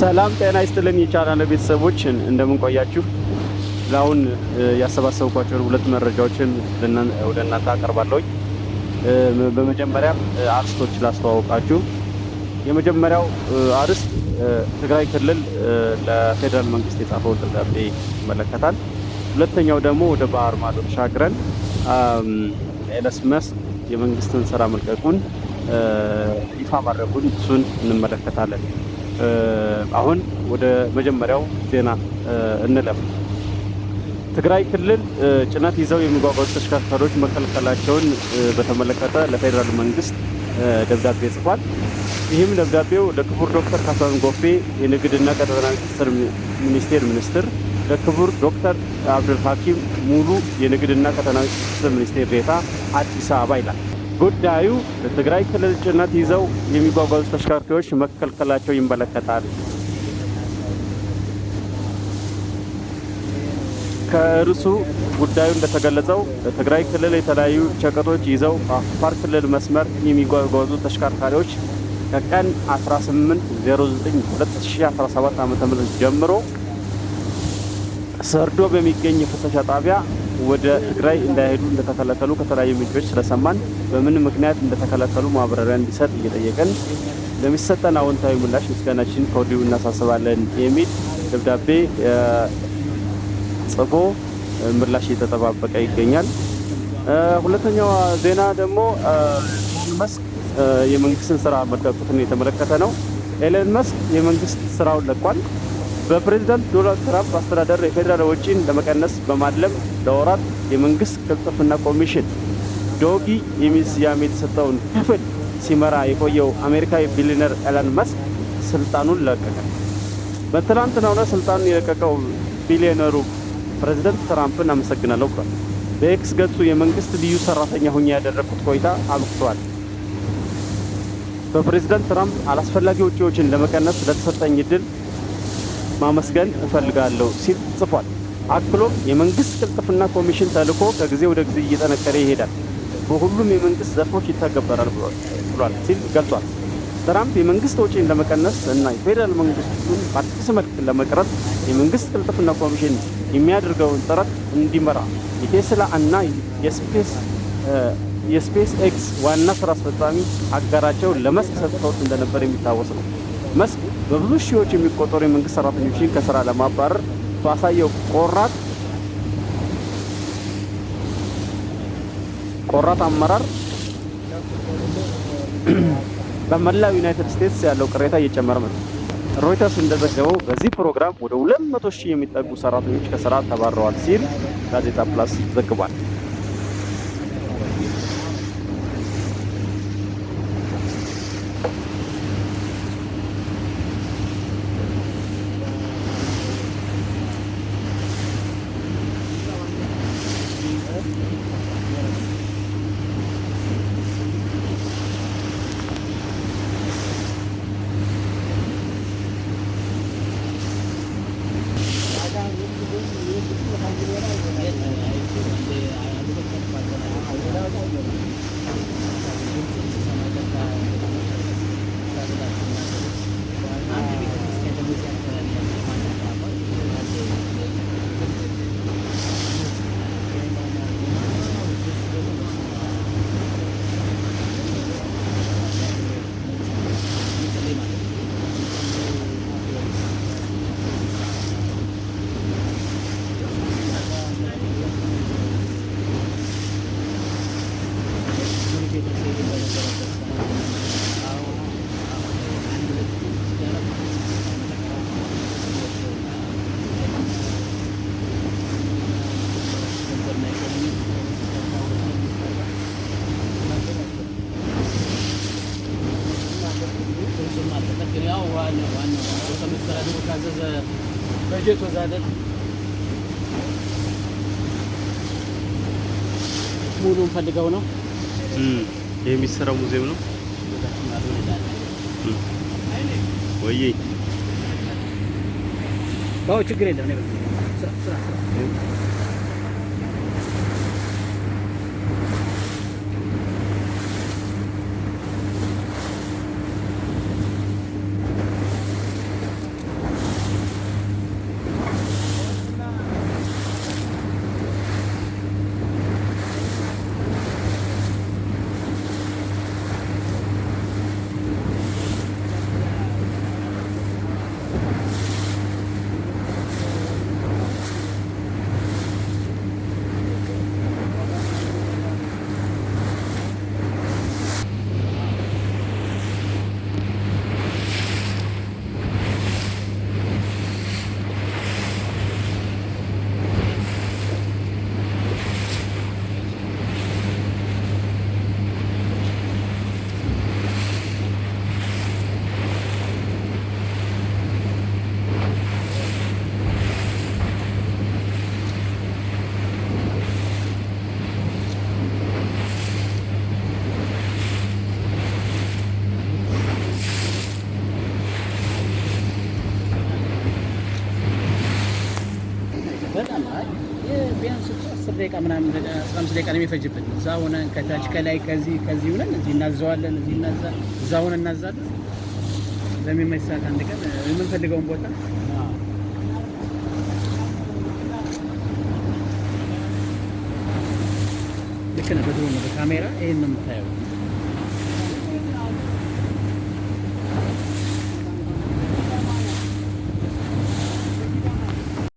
ሰላም ጤና ይስጥልን የቻናል ቤተሰቦች እንደምን ቆያችሁ? ለአሁን ያሰባሰብኳቸውን ሁለት መረጃዎችን ወደ እናንተ አቀርባለሁኝ። በመጀመሪያ አርስቶች ላስተዋወቃችሁ። የመጀመሪያው አርስት ትግራይ ክልል ለፌዴራል መንግስት የጻፈው ደብዳቤ ይመለከታል። ሁለተኛው ደግሞ ወደ ባህር ማዶ ተሻግረን ኤለስ መስ የመንግስትን ስራ መልቀቁን ይፋ ማድረጉን እሱን እንመለከታለን። አሁን ወደ መጀመሪያው ዜና እንለፍ። ትግራይ ክልል ጭነት ይዘው የሚጓጓዙ ተሽከርካሪዎች መከልከላቸውን በተመለከተ ለፌዴራል መንግስት ደብዳቤ ጽፏል። ይህም ደብዳቤው ለክቡር ዶክተር ካሳሁን ጎፌ የንግድና ቀጠናዊ ትስስር ሚኒስቴር ሚኒስትር፣ ለክቡር ዶክተር አብዱልሐኪም ሙሉ የንግድና ቀጠናዊ ትስስር ሚኒስቴር ዴኤታ አዲስ አበባ ይላል። ጉዳዩ ለትግራይ ክልል ጭነት ይዘው የሚጓጓዙ ተሽከርካሪዎች መከልከላቸው ይመለከታል። ከእርሱ ጉዳዩ እንደተገለጸው ለትግራይ ክልል የተለያዩ ሸቀጦች ይዘው በአፋር ክልል መስመር የሚጓጓዙ ተሽከርካሪዎች ከቀን 18092017 ዓ.ም ጀምሮ ሰርዶ በሚገኝ የፍተሻ ጣቢያ ወደ ትግራይ እንዳይሄዱ እንደተከለከሉ ከተለያዩ ምንጮች ስለሰማን በምን ምክንያት እንደተከለከሉ ማብራሪያ እንዲሰጥ እየጠየቀን ለሚሰጠን አዎንታዊ ምላሽ ምስጋናችን ከወዲሁ እናሳስባለን የሚል ደብዳቤ ጽፎ ምላሽ እየተጠባበቀ ይገኛል። ሁለተኛዋ ዜና ደግሞ ኤለን መስክ የመንግስትን ስራ መልቀቁትን የተመለከተ ነው። ኤለን መስክ የመንግስት ስራውን ለቋል። በፕሬዚዳንት ዶናልድ ትራምፕ አስተዳደር የፌዴራል ወጪን ለመቀነስ በማለም ለወራት የመንግስት ቅልጥፍና ኮሚሽን ዶጊ የሚል ስያሜ የተሰጠውን ክፍል ሲመራ የቆየው አሜሪካዊ ቢሊነር ኤለን መስክ ስልጣኑን ለቀቀ። በትናንትናው ዕለት ስልጣኑን የለቀቀው ቢሊዮነሩ ፕሬዝደንት ትራምፕን አመሰግናለሁ ብሏል። በኤክስ ገጹ የመንግስት ልዩ ሰራተኛ ሁኜ ያደረግኩት ቆይታ አብቅቷል። በፕሬዚደንት ትራምፕ አላስፈላጊ ወጪዎችን ለመቀነስ ለተሰጠኝ እድል ማመስገን እፈልጋለሁ ሲል ጽፏል። አክሎም የመንግስት ቅልጥፍና ኮሚሽን ተልዕኮ ከጊዜ ወደ ጊዜ እየጠነከረ ይሄዳል፣ በሁሉም የመንግስት ዘርፎች ይተገበራል ብሏል ሲል ገልጿል። ትራምፕ የመንግስት ወጪን ለመቀነስ እና የፌዴራል መንግስቱን በአዲስ መልክ ለመቅረጽ የመንግስት ቅልጥፍና ኮሚሽን የሚያደርገውን ጥረት እንዲመራ የቴስላ እና የስፔስ ኤክስ ዋና ስራ አስፈጻሚ አጋራቸው ለመስክ ሰጥተውት እንደነበር የሚታወስ ነው። መስክ በብዙ ሺዎች የሚቆጠሩ የመንግስት ሰራተኞችን ከስራ ለማባረር ባሳየው ቆራጥ ቆራጥ አመራር በመላው ዩናይትድ ስቴትስ ያለው ቅሬታ እየጨመረ ነው። ሮይተርስ እንደዘገበው በዚህ ፕሮግራም ወደ 200 ሺህ የሚጠጉ ሰራተኞች ከስራ ተባረዋል ሲል ጋዜጣ ፕላስ ዘግቧል። ታዘዘ በጀት ወዛ ሙሉን ፈልገው ነው የሚሰራው ሙዚየም ነው ወይ? ችግር የለም። ደቂቃ ምናምን 15 ደቂቃ ነው የሚፈጅብን። እዛ ሆነን ከታች ከላይ ከዚህ ከዚህ ሆነን እዚህ እናዘዋለን፣ እዚህ እናዛ እዛ ሆነን እናዛለን። በሚመች ሰዓት አንድ ቀን የምንፈልገውን ቦታ ልክ ነው። በድሮ ነው በካሜራ ይሄን ነው የምታየው።